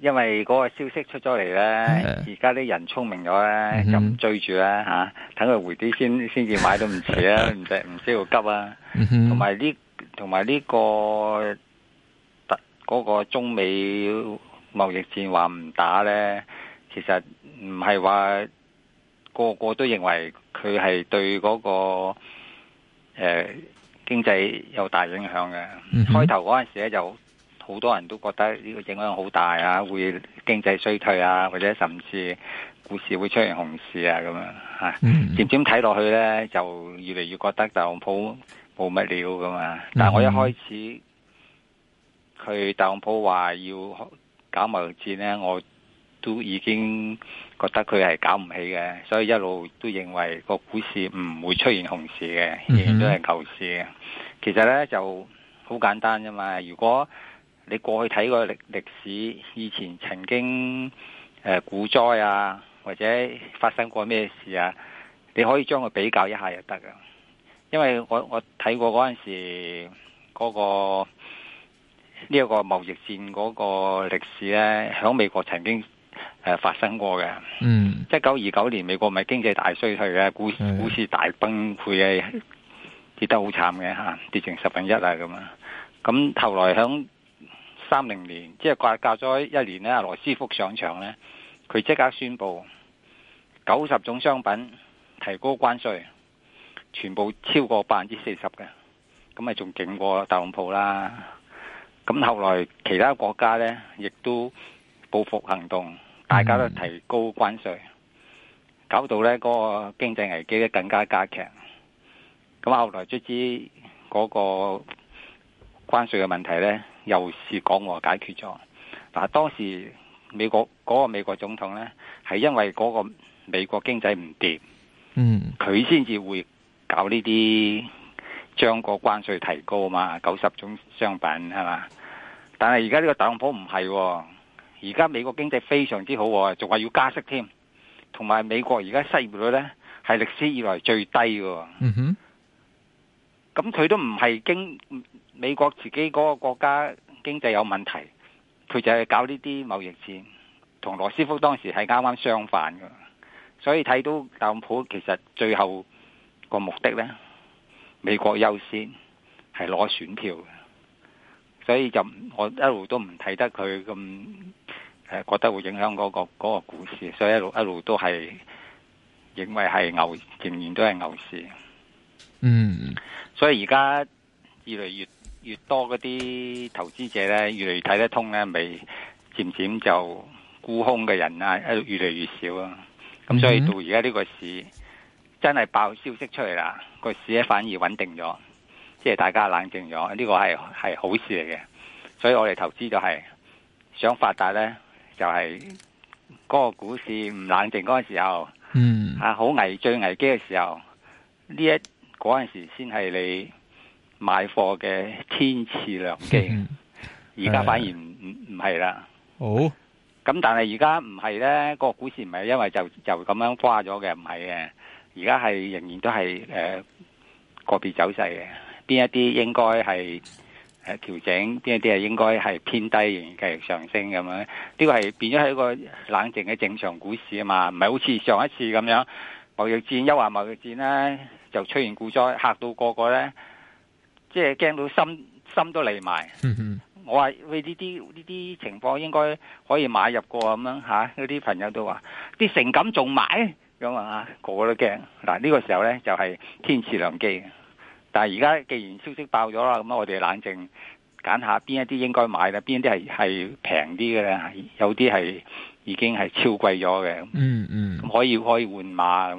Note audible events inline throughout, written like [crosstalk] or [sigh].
因為嗰個消息出咗嚟咧，而家啲人聰明咗咧，咁追住咧吓，等佢回啲先，先至買都唔遲啊，唔使唔需要急啊。同埋呢，同埋呢個、嗰個中美貿易戰話唔打咧，其實唔係話個個都認為佢係對嗰、嗰個誒、呃、經濟有大影響嘅。開頭嗰陣時咧就。好多人都覺得呢個影響好大啊，會經濟衰退啊，或者甚至股市會出現熊市啊，咁樣嚇、嗯嗯。漸漸睇落去呢，就越嚟越覺得特朗普冇乜料㗎嘛。但係我一開始佢、嗯嗯、特朗普話要搞貿易戰呢，我都已經覺得佢係搞唔起嘅，所以一路都認為個股市唔會出現熊市嘅，依、嗯、然、嗯、都係牛市嘅。其實呢，就好簡單啫嘛，如果你過去睇個歷歷史，以前曾經誒、呃、股災啊，或者發生過咩事啊？你可以將佢比較一下就得噶。因為我我睇過嗰陣時嗰、嗰個呢一、呢個貿易戰嗰個歷史咧，喺美國曾經、呃、發生過嘅。嗯、mm.。一九二九年美國咪經濟大衰退嘅，股股市大崩潰嘅，跌得好慘嘅、啊、跌成十分一啊咁啊。咁後來喺。三零年，即係掛架咗一年呢，羅斯福上場呢，佢即刻宣布九十種商品提高關稅，全部超過百分之四十嘅，咁咪仲勁過特朗普啦。咁後來其他國家呢，亦都報復行動，大家都提高關稅，搞到呢、嗰個經濟危機咧更加加劇。咁後來卒之嗰、嗰個。關稅嘅問題呢，又是講話解決咗。嗱，當時美國嗰、嗰個美國總統呢，係因為嗰個美國經濟唔掂，嗯，佢先至會搞呢啲將個關稅提高嘛，九十種商品係嘛。但係而家呢個特朗普唔係，而家美國經濟非常之好，仲話要加息添，同埋美國而家失業率呢，係歷史以來最低喎、哦。嗯、哼，咁佢都唔係經。美國自己嗰個國家經濟有問題，佢就係搞呢啲貿易戰，同羅斯福當時係啱啱相反噶。所以睇到特朗普其實最後個目的咧，美國優先係攞選票嘅，所以就我一路都唔睇得佢咁、啊、覺得會影響嗰個嗰個股市，所以一路一路都係認為係牛，仍然都係牛市。嗯，所以而家越嚟越越多嗰啲投資者咧，越嚟越睇得通咧，咪漸漸就沽空嘅人啊，越嚟越少啊。咁所以到而家呢個市真係爆消息出嚟啦，個市咧反而穩定咗，即係大家冷靜咗，呢個係係好事嚟嘅。所以我哋投資就係想發達咧，就係嗰個股市唔冷靜嗰陣時候，吓，嗯，啊，好危最危機嘅時候，呢一嗰陣時先係你。買貨嘅天賜良機，而、嗯、家反而唔唔係啦。好、嗯，咁、哦、但係而家唔係咧，那個股市唔係因為就就咁樣瓜咗嘅，唔係嘅。而家係仍然都係誒、呃、個別走勢嘅。邊一啲應該係誒調整，邊一啲係應該係偏低，仍然繼續上升咁樣。呢個係變咗係一個冷靜嘅正常股市啊嘛，唔係好似上一次咁樣貿易戰，又話貿易戰咧就出現股災，嚇到個個咧。即係驚到心心都嚟埋，我話喂呢啲呢啲情況應該可以買入過咁樣嚇，嗰，啊、啲朋友都話跌成咁仲買，咁啊個個都驚。嗱、這、呢個時候咧就係，是、天時良機天賜良機，但係而家既然消息爆咗啦，咁我哋冷靜揀下邊一啲應該買啦，邊一啲係係平啲嘅咧，有啲係已經係超貴咗嘅，咁、嗯嗯、可以可以換碼咁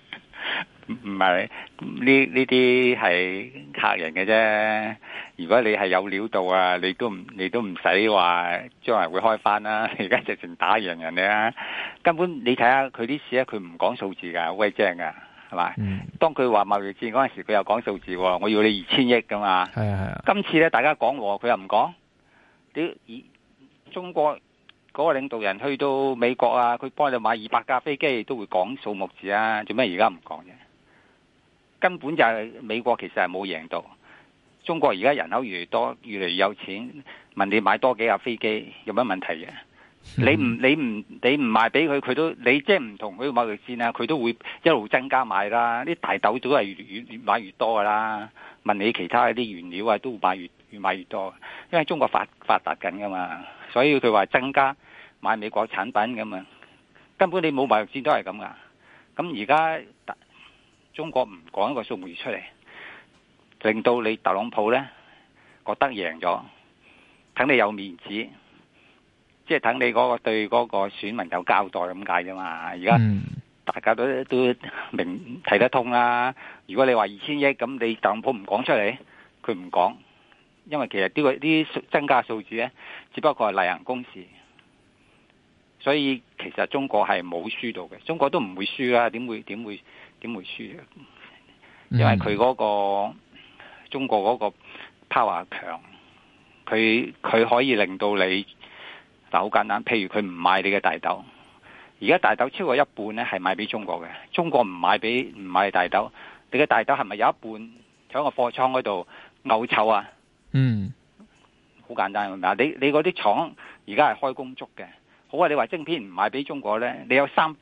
唔係呢呢啲係客人嘅啫。如果你係有料到啊，你都唔你都唔使話將嚟會開翻啦。你而家直情打贏人哋啊！根本你睇下佢呢次咧，佢唔講數字㗎，好鬼正㗎，係嘛？當佢話貿易戰嗰陣時，佢又講數字喎，我要你二千億㗎嘛。係啊係啊！今次咧，大家講和佢又唔講。屌二中國嗰個領導人去到美國啊，佢幫你買二百架飛機都會講數目字啊，做咩而家唔講啫？根本就係美國其實係冇贏到。中國而家人口越嚟越多，越嚟越有錢。問你買多幾架飛機有乜問題嘅？嗯？你唔你唔你唔賣俾佢，佢都你即係唔同佢嘅貿易戰啦，佢都會一路增加買啦。啲大豆都係越越，越買越多啦。問你其他嗰啲原料啊，都會買越越買越多。因為中國發發達緊噶嘛，所以佢話增加買美國產品咁嘛。根本你冇貿易戰都係咁噶。咁而家中國唔講一個數目出嚟，令到你特朗普咧覺得贏咗，等你有面子，即係等你嗰個對嗰個選民有交代咁解啫嘛。而家大家都都明睇得通啦、啊。如果你話二千億，咁你特朗普唔講出嚟，佢唔講，因為其實呢個啲增加數字咧，只不過係例行公事。所以其實中國係冇輸到嘅，中國都唔會輸呀。點會點會？點會輸？因為佢嗰個中國嗰個 power 強，佢佢可以令到你好簡單。譬如佢唔買你嘅大豆，而家大豆超過一半咧係賣俾中國嘅。中國唔買俾唔買大豆，你嘅大豆係咪有一半喺個貨倉嗰度漚臭啊？嗯，好簡單嗱。你你嗰啲廠而家係開工足嘅，好啊。你話晶片唔買俾中國咧，你有三。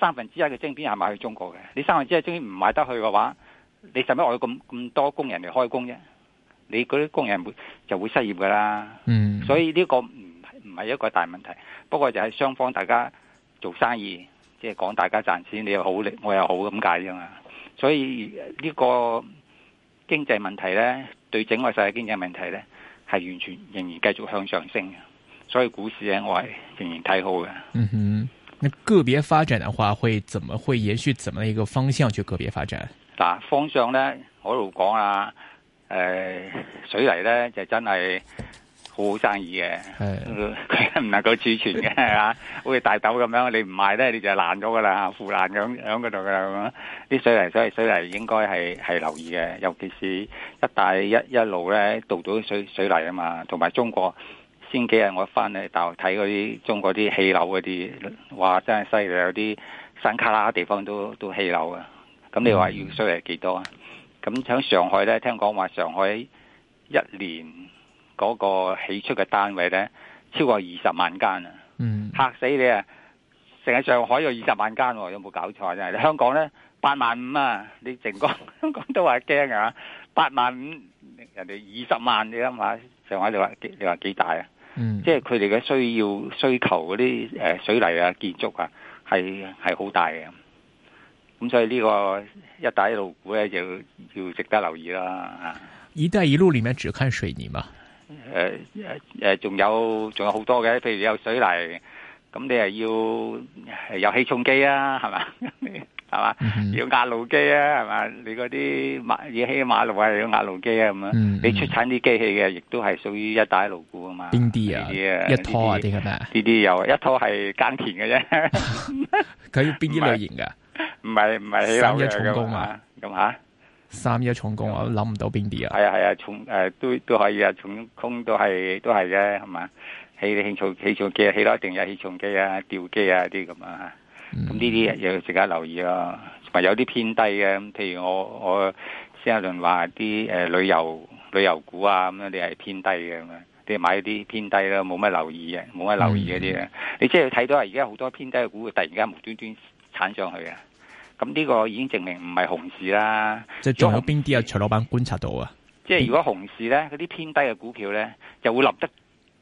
三分之一嘅晶片係買去中國嘅，你三分之一晶片唔買得去嘅話，你使乜我有咁咁多工人嚟開工啫？你嗰啲工人就會失業噶啦。嗯、mm -hmm.，所以呢個唔唔係一個大問題，不過就係雙方大家做生意，即係講大家賺錢，你又好，好，我又好咁解啫嘛。所以呢個經濟問題呢，對整個世界經濟問題呢，係完全仍然繼續向上升嘅。所以股市呢，我係仍然睇好嘅。嗯、mm -hmm. 那個別發展的話，會怎麼會延續怎麼一個方向去個別發展？嗱，方向咧，我度講啊，誒、呃，水泥咧就真係好好生意嘅，佢、哎、唔能夠儲存嘅係嘛，好似大豆咁樣，你唔賣咧你就爛咗噶啦，腐爛咁樣度噶啦，啲水泥、水泥、水泥應該係係留意嘅，尤其是一帶一,一路咧度到水水泥啊嘛，同埋中國。前幾日我一翻嚟大陸睇嗰啲中國啲起樓嗰啲，哇真係犀利！有啲山卡拉嘅地方都都起樓啊！咁你話要收益幾多啊？咁喺上海咧，聽講話上海一年嗰個起出嘅單位咧超過二十萬間啊！嚇死你啊！成日上海有二十萬間、啊，有冇搞錯啊？真係、啊！香港咧八萬五啊！5，你成個香港都話驚啊！八萬五，人哋二十萬你諗下上海你話你話幾大啊？嗯，即係佢哋嘅需要、需求嗰啲誒水泥啊、建築啊，係係好大嘅。咁所以呢個一帶一路股咧，就要要值得留意啦。啊，一帶一路裏面只看水泥嘛，誒、呃、誒、仲、呃、有仲有好多嘅，譬如你有水泥，咁你係要有起重機啊，係嘛？ [laughs] 係嘛？要壓路機啊，係嘛？你嗰啲馬、野、起馬路啊，要壓路機啊，咁樣。你出產啲機器嘅，亦都係屬於一帶一路股啊嘛。邊啲啊？一拖啊？啲咁啊？啲啲有，一拖係耕田嘅啫。佢邊啲類型噶？唔係唔係？三一重工啊？咁吓？三一重工，我都諗唔到邊啲啊？係啊係啊，重誒都都可以啊，重工都係都係嘅，係嘛？起起重起重機啊，起落一定有起重機啊，吊機啊啲咁樣啊。咁呢啲要值得留意咯，或有啲偏低嘅，譬如我我先一輪話啲誒旅遊旅遊股啊，咁樣你係偏低嘅，咁啊，你買啲偏低啦，冇乜留意嘅，冇乜留意嗰啲咧，你即係睇到而家好多偏低嘅股會突然間無端端鏟上去啊。咁呢個已經證明唔係熊市啦。即係仲有邊啲啊？徐老闆觀察到啊？即係如果熊市咧，嗰啲偏低嘅股票咧，就會立得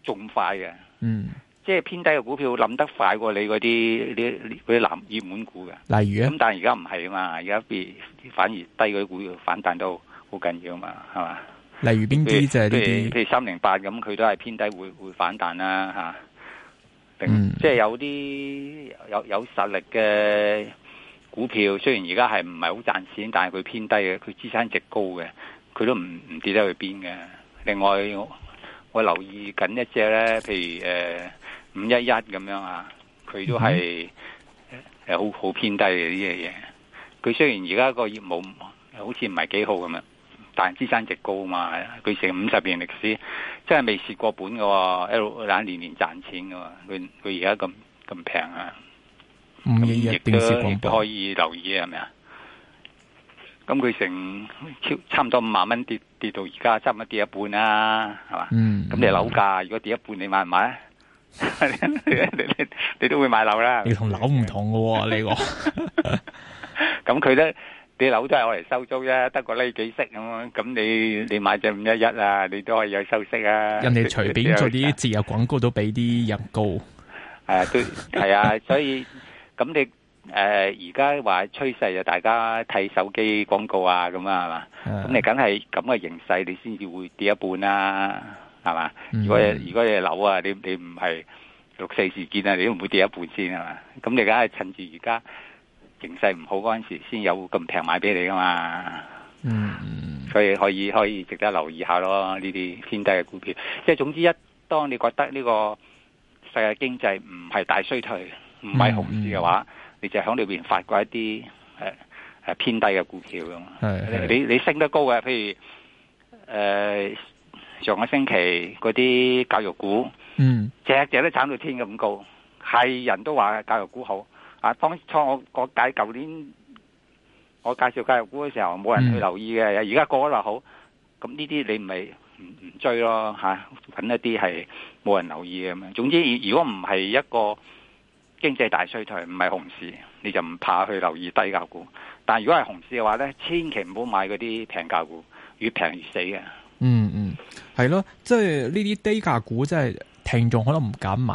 仲快嘅。嗯。即、就、係、是、偏低嘅股票，諗得快過你嗰啲、啲、啲嗰啲藍熱門股嘅。例如，咁但係而家唔係啊嘛，而家變反而低啲股票，反彈都好緊要啊嘛，係嘛？例如邊啲？即譬如三零八咁，佢都係偏低，會會反彈啦嚇、啊。嗯，即係有啲有有，有實力嘅股票，雖然而家係唔係好賺錢，但係佢偏低嘅，佢資產值高嘅，佢都唔唔跌得去邊嘅。另外，我，我留意緊一隻咧，譬如誒。呃五一一咁樣啊，佢都係誒、嗯啊、好好偏低嘅呢樣嘢。佢雖然而家個業務好似唔係幾好咁樣啊，但係資產值高嘛，係啊。佢成五十年歷史，真係未蝕過本噶、哦。一路攞年年賺錢噶。佢佢而家咁咁平啊。亦都可以留意係咪啊？咁佢、嗯、成超差唔多五萬蚊跌跌到而家差唔多跌一半啦、啊，係嘛？咁、嗯、你樓價、嗯、如果跌一半，你買唔買啊？你都會買樓啦？你同樓唔同嘅，你我咁佢咧啲樓都係我嚟收租啫，得個呢幾息咁。咁你你買隻五一一啊，你都可以有收息啊。人哋隨便做啲自由廣告都比啲人高係啊，都係啊。所以咁你誒而家話趨勢就，大家睇手機廣告啊，咁啊係嘛。咁你梗係咁嘅形勢，你先至會跌一半啊。係嘛、嗯？如果如果你樓啊，你你唔係六四事件啊，你都唔會跌一半先啊嘛。咁你梗係趁住而家形勢唔好嗰陣時，先有咁平買俾你噶嘛。嗯，所以可以可以值得留意一下咯，呢啲偏低嘅股票。即係總之一，當你覺得呢個世界經濟唔係大衰退、唔係熊市嘅話，嗯嗯，你就喺裏邊發掘一啲誒誒偏低嘅股票咯。你你升得高嘅，譬如誒。呃上個星期嗰啲教育股，隻、嗯、隻都炒到天咁高，係人都話教育股好。啊，當初我解舊年我介紹教育股嘅時候，冇人去留意嘅。而、嗯、家過咗就好，咁呢啲你唔理，唔唔追咯吓，搵、啊、一啲係冇人留意嘅咁樣。總之，如果唔係一個經濟大衰退，唔係熊市，你就唔怕去留意低價股。但如果係熊市嘅話咧，千祈唔好買嗰啲平價股，越平越死嘅。嗯嗯，係咯，即係呢啲低價股真係，即係聽眾可能唔敢買，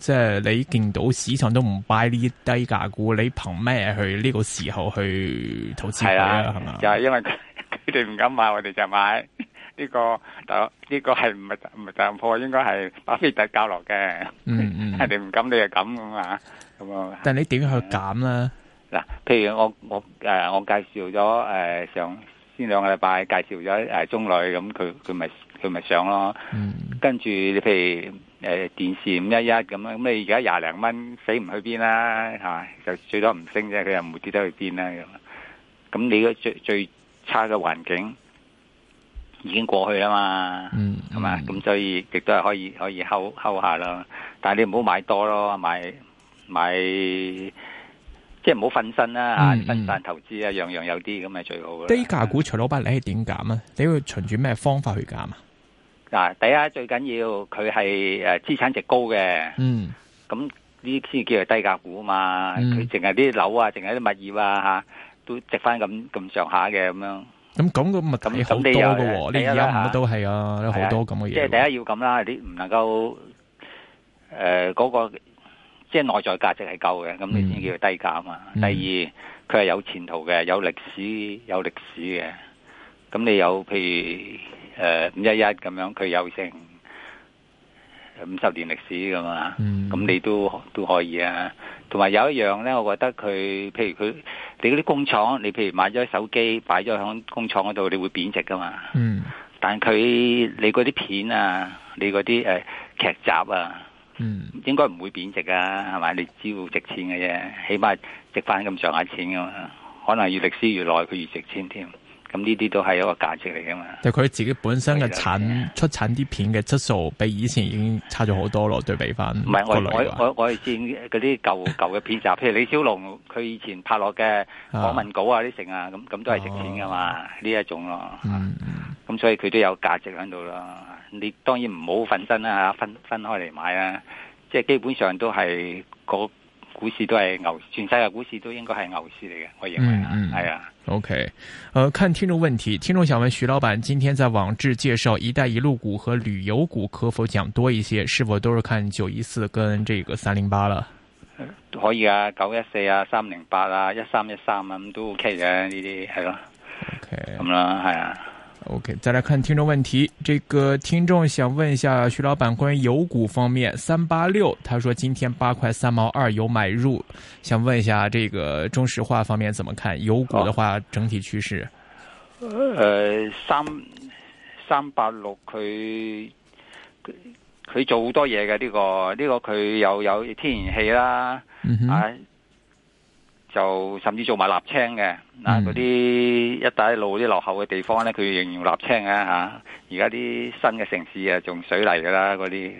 即係你見到市場都唔 buy 呢啲低價股，你憑咩去呢個時候去投資佢啊？係嘛？就係、是、因為佢哋唔敢買，我哋就買呢、這個，呢、這個係唔係唔係大唔破，應該係巴菲特教落嘅。嗯嗯，佢哋唔敢，你就敢咁啊？咁但係你點去減咧？嗱，譬如我我誒、啊、我介紹咗誒上。先兩個禮拜介紹咗誒中旅，咁佢佢咪佢咪上咯，跟住你譬如誒電視五一一咁啦，咁你而家廿零蚊死唔去邊啦嚇？就最多唔升啫，佢又唔會跌得去邊啦咁。咁你個最最差嘅環境已經過去啦嘛，嗯，係嘛？咁所以亦都係可以可以睺睺下咯。但係你唔好買多咯，買買。即係唔好瞓身啦，啊嗯，分散投資啊，嗯，樣樣有啲咁嘅最好咯。低價股徐老闆你係點減啊？你會循住咩方法去減啊？第一最緊要佢係誒資產值高嘅，嗯，咁呢先叫做低價股啊嘛。佢淨係啲樓啊，淨係啲物業啊，吓、啊，都值翻咁咁上下嘅咁樣。咁咁咁咁咁好多噶喎，呢而家都係啊，好、啊啊啊，多咁嘅嘢。即係第一要咁啦，啲唔能夠誒嗰個。即係內在價值係夠嘅，咁你先叫佢低價啊嘛，嗯。第二，佢係有前途嘅，有歷史有歷史嘅。咁你有譬如誒五一一咁樣，佢有成五十年歷史㗎嘛？咁、嗯、你都都可以啊。同埋有，有一樣咧，我覺得佢譬如佢你嗰啲工廠，你譬如買咗手機擺咗響工廠嗰度，你會貶值噶嘛？嗯。但佢你嗰啲片啊，你嗰啲誒劇集啊。嗯，應該唔會貶值啊，係咪？你只要值錢嘅啫，起碼值返咁上下錢噶嘛，可能越歷史越耐，佢越值錢添。咁呢啲都係一個價值嚟嘅嘛。就佢自己本身嘅產出產啲片嘅質素，比以前已經差咗好多咯、嗯。對比翻唔係我我我我嗰啲舊舊嘅片集，譬如李小龍佢 [laughs] 以前拍落嘅訪問稿啊啲成啊，咁咁都係值錢㗎嘛。呢、哦、一種咯，咁、嗯嗯、所以佢都有價值喺度咯。你當然唔好分身啦分分開嚟買啊。即係基本上都係、嗰個。股市都係牛，全世界股市都應該係牛市嚟嘅，我認為啊，係、嗯、啊。OK，呃，看聽眾問題，聽眾想問徐老闆，今天在網誌介紹一帶一路股和旅遊股，可否講多一些？是否都是看九一四跟這個三零八啦？可以啊，九一四啊，三零八啊，一三一三啊，咁都 OK 嘅呢啲係咯，咁啦，係啊。Okay. OK，再來看聽眾問題。這個聽眾想問一下徐老闆關於油股方面，三八六，他說今天八塊三毛二有買入，想問一下這個中石化方面怎麼看油股的話，整體趨勢？呃，三三八六，佢佢做好多嘢嘅呢個，呢個佢又有，有天然氣啦，嗯、啊。就甚至做埋瀝青嘅，嗱嗰啲一帶一路啲落後嘅地方咧，佢仍然用瀝青嘅吓。而家啲新嘅城市啊，仲水泥噶啦嗰啲，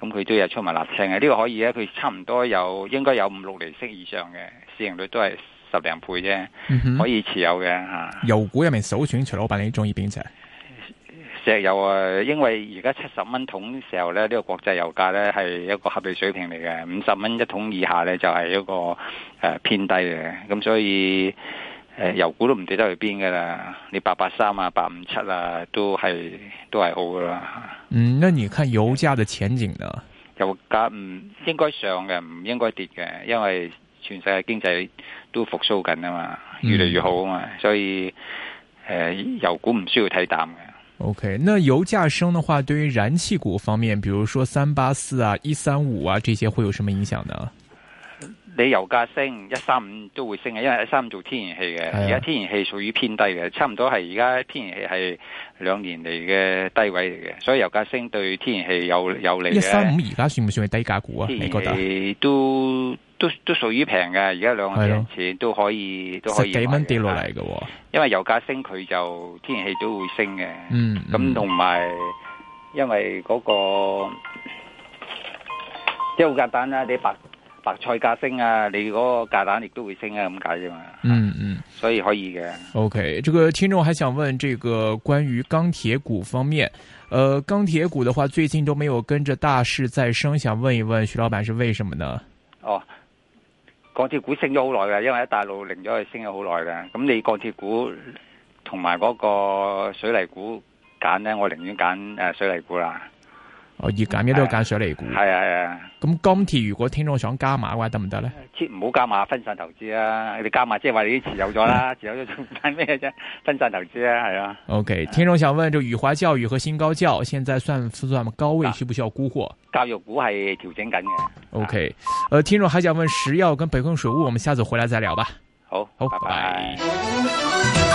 咁佢都有出埋瀝青嘅。呢、這個可以咧，佢差唔多有應該有五六厘息以上嘅市盈率都，都係十零倍啫，可以持有嘅嚇、啊。油股入面首選，徐老闆你中意邊隻？即係有啊，因為而家七十蚊桶嘅時候咧，呢、這個國際油價咧係一個合理水平嚟嘅。五十蚊一桶以下咧就係一個誒、呃、偏低嘅，咁所以誒、呃、油股都唔跌得去邊噶啦。你八八三啊、八五七啊都係都係好噶啦。嗯，那你看油價嘅前景呢？油價唔應該上嘅，唔應該跌嘅，因為全世界經濟都復蘇緊啊嘛，越嚟越好啊嘛，所以誒、呃、油股唔需要睇淡嘅。OK，那油價升的話，對於燃氣股方面，比如說三八四啊、一三五啊，這些會有什麼影響呢？你油價升，一三五都會升嘅，因為一三五做天然氣嘅，而、哎、家天然氣屬於偏低嘅，差唔多係而家天然氣係兩年嚟嘅低位嚟嘅，所以油價升對天然氣有有利嘅。一三五而家算唔算係低價股啊？你覺得？都。都都屬於平嘅，而家兩個人錢都可以的都可以十幾蚊跌落嚟嘅，因為油價升佢就天然氣都會升嘅。嗯，咁同埋因為嗰、那個即係好簡單啦、啊，你白白菜價升啊，你嗰個價蛋亦都會升啊，咁解啫嘛。嗯嗯，所以可以嘅。OK，這個聽眾還想問這個關於鋼鐵股方面，呃，鋼鐵股的話最近都沒有跟着大市再升，想問一問徐老闆是為什麼呢？哦。鋼鐵股升咗好耐嘅，因為喺大陸令咗佢升咗好耐嘅。咁你鋼鐵股同埋嗰個水泥股揀呢？我寧願揀、呃、水泥股啦。我越減嘅都係減水泥股。係係啊，咁今、啊啊、鐵如果聽眾想加碼嘅話，得唔得咧？切唔好加碼，分散投資啊！你加碼即係話你已持有咗啦， [laughs] 持有咗做咩啫？分散投資啊，係啊。OK，聽眾想問：就、這個、宇華教育和新高教，現在算算唔算高位？需唔需要沽貨，啊？教育股係調整緊嘅。OK，呃，聽眾還想問食藥跟北控水務，我們下次回來再聊吧。好，好，拜拜。拜拜。